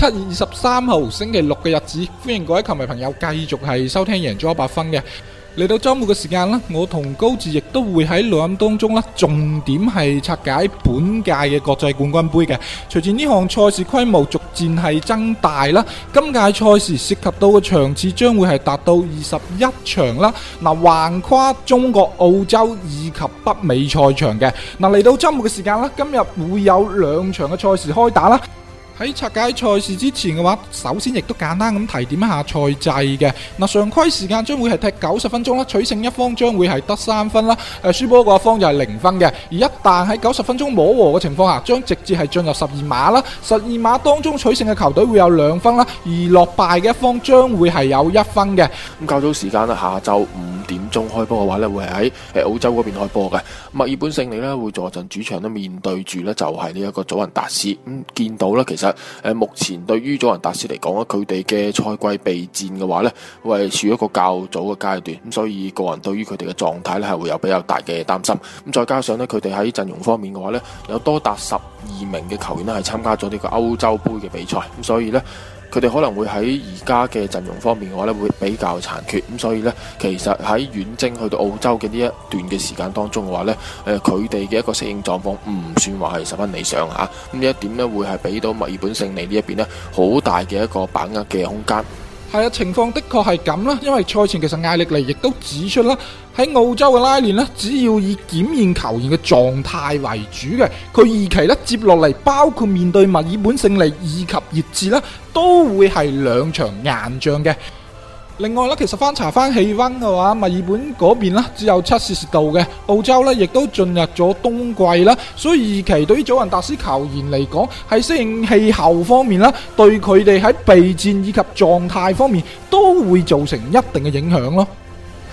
七月二十三號星期六嘅日子，歡迎各位球迷朋友繼續係收聽贏足 100FUN 嘅。嚟到周末嘅時間啦，我同高志亦都會喺錄音當中啦，重點係拆解本屆嘅國際冠軍杯嘅。隨住呢項賽事規模逐漸係增大啦，今屆賽事涉及到嘅場次將會係達到二十一場啦。嗱，橫跨中國、澳洲以及北美賽場嘅。嗱，嚟到周末嘅時間啦，今日會有兩場嘅賽事開打啦。喺拆解賽事之前嘅話，首先亦都簡單咁提點一下賽制嘅。嗱，常規時間將會係踢九十分鐘啦，取勝一方將會係得三分啦，誒，輸波嗰方就係零分嘅。而一旦喺九十分鐘摸和嘅情況下，將直接係進入十二碼啦。十二碼當中取勝嘅球隊會有兩分啦，而落敗嘅一方將會係有一分嘅。咁，較早時間啦，下晝五點鐘開波嘅話呢，會係喺澳洲嗰邊開波嘅。墨爾本勝利呢，會坐陣主場呢，面對住呢，就係呢一個祖雲達斯。咁、嗯、見到呢，其實。誒，目前對於祖雲達斯嚟講咧，佢哋嘅賽季備戰嘅話咧，會係處於一個較早嘅階段，咁所以個人對於佢哋嘅狀態咧係會有比較大嘅擔心，咁再加上咧佢哋喺陣容方面嘅話咧，有多達十二名嘅球員咧係參加咗呢個歐洲盃嘅比賽，咁所以咧。佢哋可能會喺而家嘅陣容方面嘅話咧，會比較殘缺，咁所以咧，其實喺遠征去到澳洲嘅呢一段嘅時間當中嘅話咧，誒佢哋嘅一個適應狀況唔算話係十分理想吓，咁呢一點咧會係俾到墨爾本勝利呢一邊咧好大嘅一個把握嘅空間。係啊，情況的確係咁啦，因為賽前其實艾力尼亦都指出啦，喺澳洲嘅拉練呢，只要以檢驗球員嘅狀態為主嘅，佢二期咧接落嚟，包括面對墨爾本勝利以及熱刺啦，都會係兩場硬仗嘅。另外啦，其實翻查翻氣溫嘅話，墨爾本嗰邊啦，只有七攝氏度嘅，澳洲咧亦都進入咗冬季啦，所以二期對於祖雲達斯球員嚟講，係適應氣候方面啦，對佢哋喺備戰以及狀態方面都會造成一定嘅影響咯。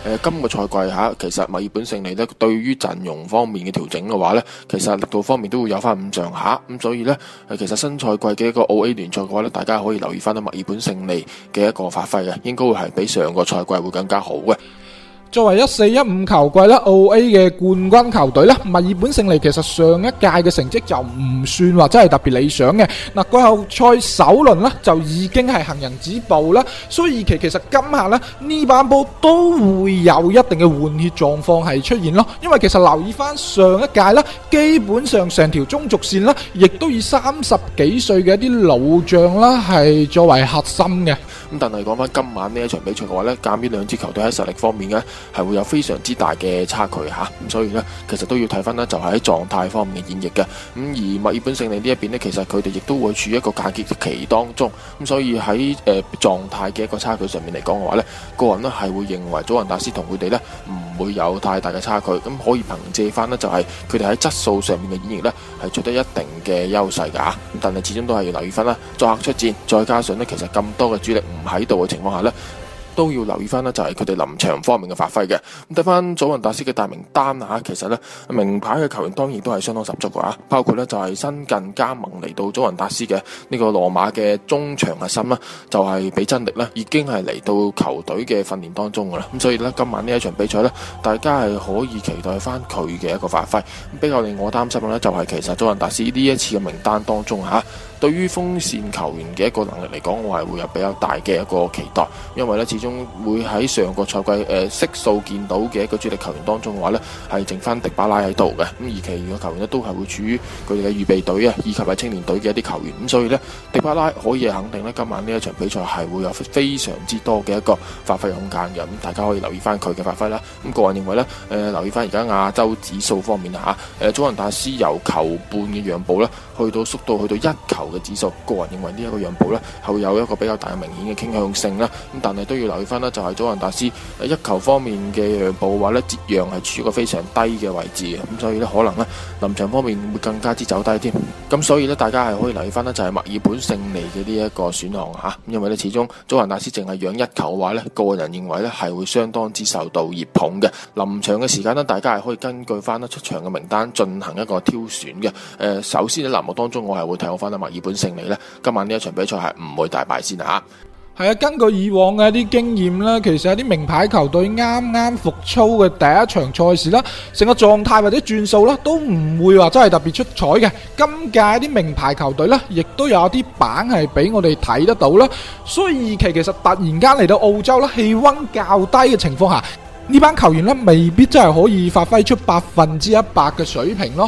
今、呃今個賽季吓，其實墨爾本勝利咧，對於陣容方面嘅調整嘅話咧，其實力度方面都會有翻咁上下，咁所以咧，其實新賽季嘅一個澳 A 聯賽嘅話咧，大家可以留意翻到墨爾本勝利嘅一個發揮嘅，應該會係比上個賽季會更加好嘅。作為一四一五球季咧，澳 A 嘅冠軍球隊咧，墨爾本勝利其實上一屆嘅成績就唔算話真係特別理想嘅。嗱，季後賽首輪咧就已經係行人止步啦。所以其其實今夏咧呢班波都會有一定嘅換血狀況係出現咯。因為其實留意翻上一屆啦，基本上成條中軸線啦，亦都以三十幾歲嘅一啲老將啦係作為核心嘅。咁但係講翻今晚呢一場比賽嘅話呢，咁呢兩支球隊喺實力方面呢係會有非常之大嘅差距吓，咁所以呢，其實都要睇翻呢就係喺狀態方面嘅演繹嘅，咁而墨爾本勝利呢一邊呢，其實佢哋亦都會處於一個解結期當中，咁所以喺誒狀態嘅一個差距上面嚟講嘅話呢，個人呢係會認為祖雲達斯同佢哋呢唔會有太大嘅差距，咁可以憑借翻呢，就係佢哋喺質素上面嘅演繹呢係取得一定嘅優勢噶吓，但係始終都係要留意分啦作客出戰，再加上呢，其實咁多嘅主力。唔喺度嘅情況下呢，都要留意翻呢，就係佢哋臨場方面嘅發揮嘅。咁睇翻祖雲達斯嘅大名單啊，其實呢名牌嘅球員當然都係相當十足嘅吓，包括呢，就係新近加盟嚟到祖雲達斯嘅呢個羅馬嘅中場核心啦，就係俾真力啦，已經係嚟到球隊嘅訓練當中噶啦。咁所以呢，今晚呢一場比賽呢，大家係可以期待翻佢嘅一個發揮。咁比較令我擔心呢，就係其實祖雲達斯呢一次嘅名單當中吓。對於鋒線球員嘅一個能力嚟講，我係會有比較大嘅一個期待，因為咧，始終會喺上個賽季誒、呃、悉數見到嘅一個主力球員當中嘅話咧，係剩翻迪巴拉喺度嘅。咁而其餘嘅球員咧都係會處於佢哋嘅預備隊啊，以及係青年隊嘅一啲球員。咁所以呢，迪巴拉可以肯定呢今晚呢一場比賽係會有非常之多嘅一個發揮空間嘅。咁大家可以留意翻佢嘅發揮啦。咁個人認為呢，誒、呃、留意翻而家亞洲指數方面啊，誒祖雲達斯由球半嘅讓步呢，去到縮到去到一球。嘅指數，個人認為呢一個讓步呢，係會有一個比較大明顯嘅傾向性啦。咁但係都要留意翻咧，就係、是、祖雲達斯一球方面嘅讓步的話咧，折讓係處於個非常低嘅位置嘅，咁所以呢，可能呢，臨場方面會更加之走低添。咁所以呢，大家係可以留意翻呢，就係墨爾本勝利嘅呢一個選項嚇，因為呢，始終祖雲達斯淨係讓一球嘅話呢，個人認為呢，係會相當之受到熱捧嘅。臨場嘅時間呢，大家係可以根據翻呢出場嘅名單進行一個挑選嘅。誒、呃，首先喺欄目當中，我係會睇好翻咧墨基本勝利咧，今晚呢一場比賽係唔會大敗先啊！係啊，根據以往嘅一啲經驗啦，其實有啲名牌球隊啱啱復操嘅第一場賽事啦，成個狀態或者轉數啦，都唔會話真係特別出彩嘅。今屆啲名牌球隊咧，亦都有啲板係俾我哋睇得到啦。所以二期其實突然間嚟到澳洲啦，氣溫較低嘅情況下，呢班球員咧，未必真係可以發揮出百分之一百嘅水平咯。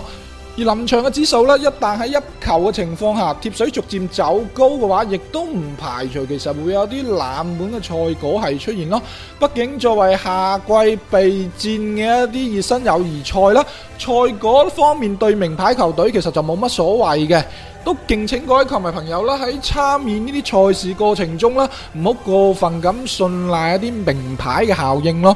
而臨場嘅指數咧，一旦喺一球嘅情況下貼水逐漸走高嘅話，亦都唔排除其實會有啲冷門嘅賽果係出現咯。畢竟作為夏季備戰嘅一啲熱身友誼賽啦，賽果方面對名牌球隊其實就冇乜所謂嘅。都敬請各位球迷朋友啦，喺參與呢啲賽事過程中啦，唔好過分咁信賴一啲名牌嘅效應咯。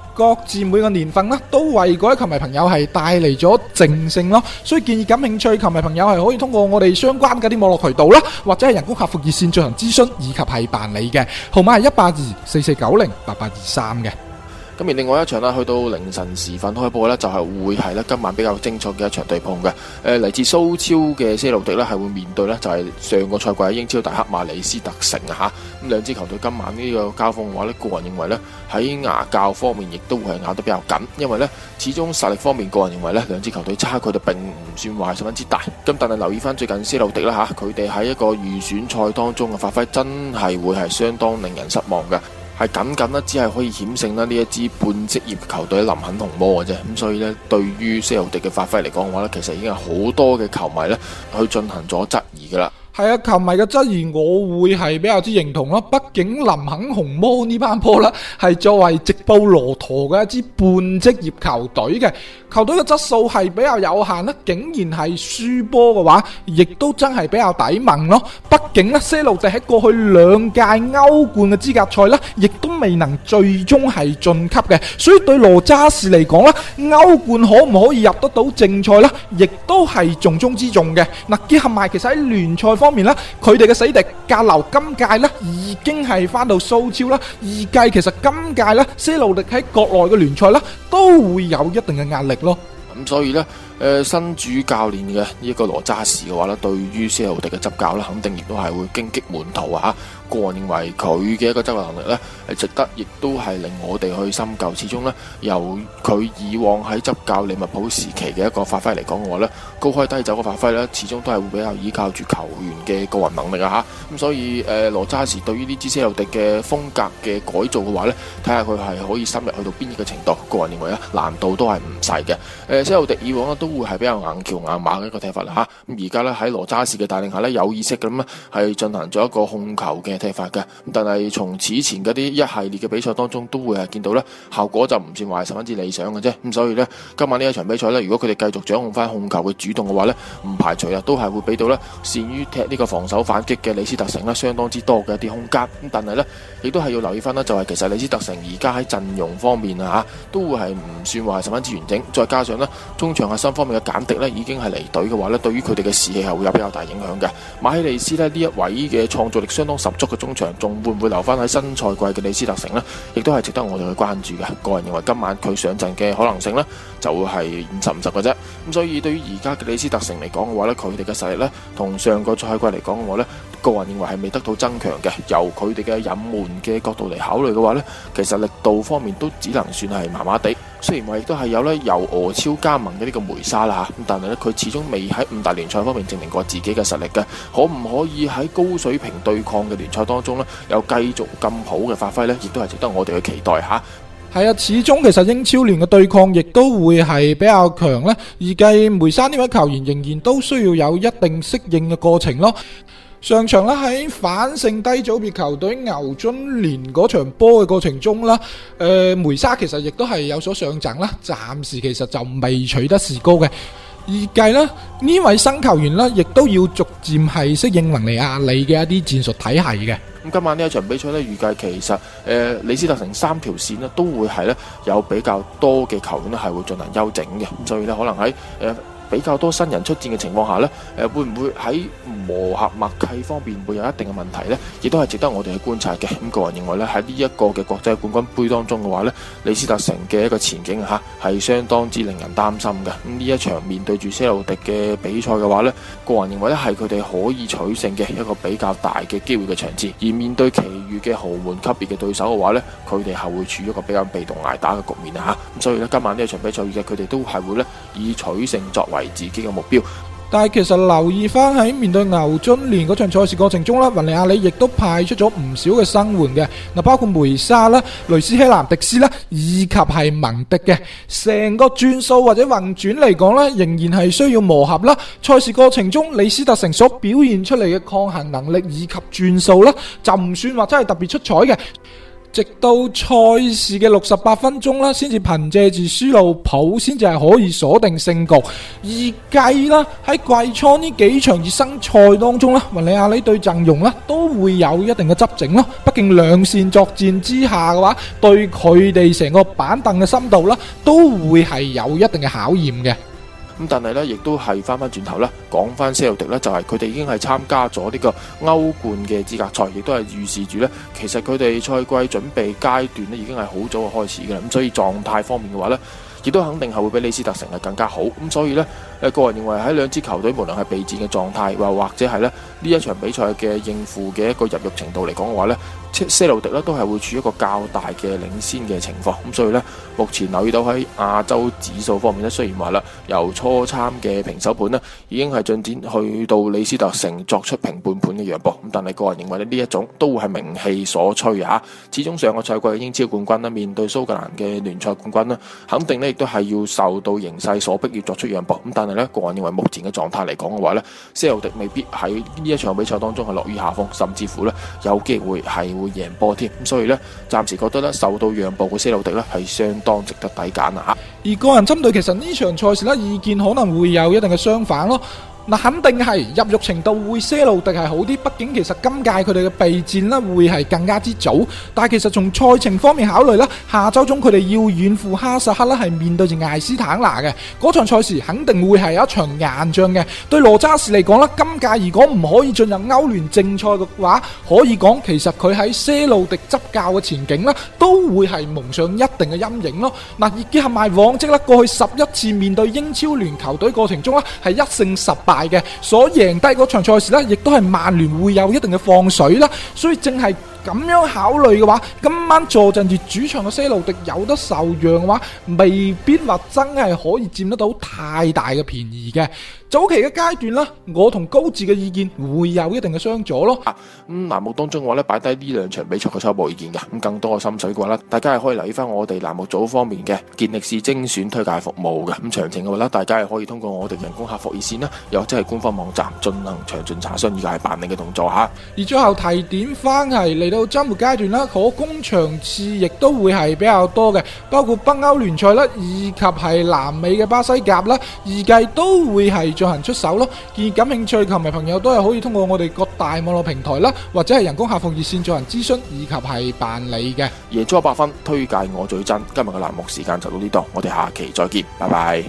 各自每個年份啦，都為各位球迷朋友係帶嚟咗淨勝咯，所以建議感興趣球迷朋友係可以通過我哋相關嗰啲網絡渠道啦，或者係人工客服熱線進行諮詢以及係辦理嘅，號碼係一八二四四九零八八二三嘅。咁另外一場呢，去到凌晨時分開播呢，就係會係呢今晚比較精彩嘅一場對碰嘅。呃，嚟自蘇超嘅些路迪呢，係會面對呢就係上個賽季英超大黑馬李斯特城啊，咁兩支球隊今晚呢個交鋒嘅話呢，個人認為呢，喺牙較方面亦都係咬得比較緊，因為呢始終實力方面，個人認為呢兩支球隊差距就並唔算壞十分之大。咁但係留意翻最近些路迪啦，佢哋喺一個預選賽當中嘅發揮真係會係相當令人失望嘅。係僅僅咧，僅僅只係可以險勝咧呢一支半職業球隊林肯紅魔嘅啫，咁所以呢，對於西奧迪嘅發揮嚟講嘅話呢其實已經係好多嘅球迷呢去進行咗質疑噶啦。係啊，球迷嘅質疑我會係比較之認同咯，畢竟林肯紅魔呢班波咧係作為直布羅陀嘅一支半職業球隊嘅。球隊嘅質素係比較有限啦，竟然係輸波嘅話，亦都真係比較抵問咯。畢竟咧，西路迪喺過去兩屆歐冠嘅資格賽啦，亦都未能最終係晉級嘅，所以對羅渣士嚟講咧，歐冠可唔可以入得到正賽咧，亦都係重中之重嘅。嗱，結合埋其實喺聯賽方面啦，佢哋嘅死敵格流今屆咧已經係翻到蘇超啦，預計其實今屆咧，西路迪喺國內嘅聯賽啦都會有一定嘅壓力。咯，咁、嗯、所以咧，誒、呃，新主教練嘅呢一個羅渣士嘅話咧，對於西澳迪嘅執教咧，肯定亦都係會荊棘滿途啊！嚇。個人認為佢嘅一個執教能力呢係值得，亦都係令我哋去深究。始終呢，由佢以往喺執教利物浦時期嘅一個發揮嚟講嘅話呢，高開低走嘅發揮呢，始終都係會比較依靠住球員嘅個人能力啊！吓，咁、嗯、所以誒、呃，羅揸士對於呢支些路迪嘅風格嘅改造嘅話呢，睇下佢係可以深入去到邊一個程度。個人認為咧，難度都係唔細嘅。誒、呃，些路迪以往咧都會係比較硬橋硬馬嘅一個踢法啦嚇。咁而家呢，喺羅揸士嘅帶領下呢，有意識咁啊係進行咗一個控球嘅踢法嘅，但係從此前嗰啲一系列嘅比賽當中，都會係見到咧效果就唔算話係十分之理想嘅啫。咁所以咧，今晚呢一場比賽咧，如果佢哋繼續掌控翻控球嘅主動嘅話咧，唔排除啊，都係會俾到咧善於踢呢個防守反擊嘅李斯特城咧相當之多嘅一啲空間。咁但係咧，亦都係要留意翻啦，就係、是、其實李斯特城而家喺陣容方面啊吓，都會係唔算話係十分之完整。再加上咧中場核心方面嘅簡迪咧，已經係離隊嘅話咧，對於佢哋嘅士氣係會有比較大影響嘅。馬希尼斯咧呢一位嘅創造力相當十足。個中場仲會唔會留翻喺新賽季嘅李斯特城呢？亦都係值得我哋去關注嘅。個人認為今晚佢上陣嘅可能性呢，就會係五十五十嘅啫。咁所以對於而家嘅李斯特城嚟講嘅話呢，佢哋嘅實力呢，同上個賽季嚟講嘅話呢，個人認為係未得到增強嘅。由佢哋嘅隱瞞嘅角度嚟考慮嘅話呢，其實力度方面都只能算係麻麻地。雖然話亦都係有咧由俄超加盟嘅呢個梅沙啦吓，咁但係咧佢始終未喺五大聯賽方面證明過自己嘅實力嘅，可唔可以喺高水平對抗嘅聯賽當中咧有繼續咁好嘅發揮呢？亦都係值得我哋去期待吓。係啊，始終其實英超聯嘅對抗亦都會係比較強呢，而計梅沙呢位球員仍然都需要有一定適應嘅過程咯。上場啦，喺反勝低組別球隊牛津連嗰場波嘅過程中啦，誒、呃、梅沙其實亦都係有所上陣啦，暫時其實就未取得士高嘅。預計呢，呢位新球員呢亦都要逐漸係適應能力阿利嘅一啲戰術體系嘅。咁今晚呢一場比賽呢，預計其實誒、呃、李斯特城三條線呢都會係呢，有比較多嘅球員呢係會進行休整嘅，所以呢，可能喺誒。呃比較多新人出戰嘅情況下呢，誒，會唔會喺磨合默契方面會有一定嘅問題呢？亦都係值得我哋去觀察嘅。咁個人認為咧喺呢一個嘅國際冠軍盃當中嘅話呢，李斯特城嘅一個前景吓係相當之令人擔心嘅。咁呢一場面對住些路迪嘅比賽嘅話呢，個人認為呢，係佢哋可以取勝嘅一個比較大嘅機會嘅場次。而面對其餘嘅豪門級別嘅對手嘅話呢，佢哋係會處於一個比較被動捱打嘅局面啊吓。咁所以呢，今晚呢一場比賽，預計佢哋都係會呢，以取勝作為。自己嘅目標，但係其實留意翻喺面對牛津聯嗰場賽事過程中咧，雲尼亞里亦都派出咗唔少嘅新援嘅，嗱包括梅沙啦、雷斯希蘭迪斯啦，以及係文迪嘅，成個轉數或者運轉嚟講咧，仍然係需要磨合啦。賽事過程中，李斯特城所表現出嚟嘅抗衡能力以及轉數啦，就唔算話真係特別出彩嘅。直到賽事嘅六十八分鐘啦，先至憑借住輸路普，先至係可以鎖定勝局。而計啦，喺季初呢幾場熱身賽當中啦，雲尼亞里對陣容啦都會有一定嘅執整咯。畢竟兩綫作戰之下嘅話，對佢哋成個板凳嘅深度啦，都會係有一定嘅考驗嘅。咁但係咧，亦都係翻翻轉頭啦。講翻西奧迪咧，就係佢哋已經係參加咗呢個歐冠嘅資格賽，亦都係預示住咧，其實佢哋賽季準備階段咧已經係好早開始噶啦。咁所以狀態方面嘅話咧，亦都肯定係會比李斯特城係更加好。咁所以咧。誒，個人認為喺兩支球隊無論係備戰嘅狀態，又或者係咧呢一場比賽嘅應付嘅一個入獄程度嚟講嘅話呢，些路迪咧都係會處於一個較大嘅領先嘅情況。咁所以呢，目前留意到喺亞洲指數方面咧，雖然話啦，由初參嘅平手盤咧，已經係進展去到李斯特城作出平半盤嘅讓步。咁但係個人認為咧，呢一種都係名氣所趨嚇。始終上個賽季嘅英超冠軍啦，面對蘇格蘭嘅聯賽冠軍啦，肯定咧亦都係要受到形勢所逼，要作出讓步。咁但咧個人認為目前嘅狀態嚟講嘅話呢，西魯迪未必喺呢一場比賽當中係落於下風，甚至乎呢有機會係會贏波添，咁所以呢，暫時覺得咧受到讓步嘅西魯迪呢係相當值得抵揀啊！而個人針對其實呢場賽事呢，意見可能會有一定嘅相反咯。嗱，肯定係入獄程度會些路迪係好啲，畢竟其實今屆佢哋嘅備戰咧會係更加之早。但係其實從賽程方面考慮咧，下周中佢哋要遠赴哈薩克啦，係面對住艾斯坦拿嘅嗰場賽事，肯定會係一場硬仗嘅。對羅渣士嚟講咧，今屆如果唔可以進入歐聯正賽嘅話，可以講其實佢喺些路迪執教嘅前景咧都會係蒙上一定嘅陰影咯。嗱，結合埋往績啦，過去十一次面對英超聯球隊過程中啦，係一勝十八。大嘅，所贏低嗰場賽事咧，亦都係曼聯會有一定嘅放水啦，所以淨係。咁樣考慮嘅話，今晚坐陣住主場嘅西路迪有得受讓嘅話，未必話真係可以佔得到太大嘅便宜嘅。早期嘅階段啦，我同高志嘅意見會有一定嘅相左咯。咁欄目當中嘅話咧，擺低呢兩場比賽嘅初步意見嘅。咁更多嘅心水嘅話咧，大家係可以留意翻我哋欄目組方面嘅健力士精選推介服務嘅。咁詳情嘅話咧，大家係可以通過我哋人工客服熱線啦，又或者係官方網站進行詳盡查詢以及係辦理嘅動作吓。而最後提點翻係你。到周末階段啦，可攻場次亦都會係比較多嘅，包括北歐聯賽啦，以及係南美嘅巴西甲啦，預計都會係進行出手咯。而感興趣球迷朋友都係可以通過我哋各大網絡平台啦，或者係人工客服熱線進行諮詢以及係辦理嘅。贏足 100FUN，推介我最真。今日嘅欄目時間就到呢度，我哋下期再見，拜拜。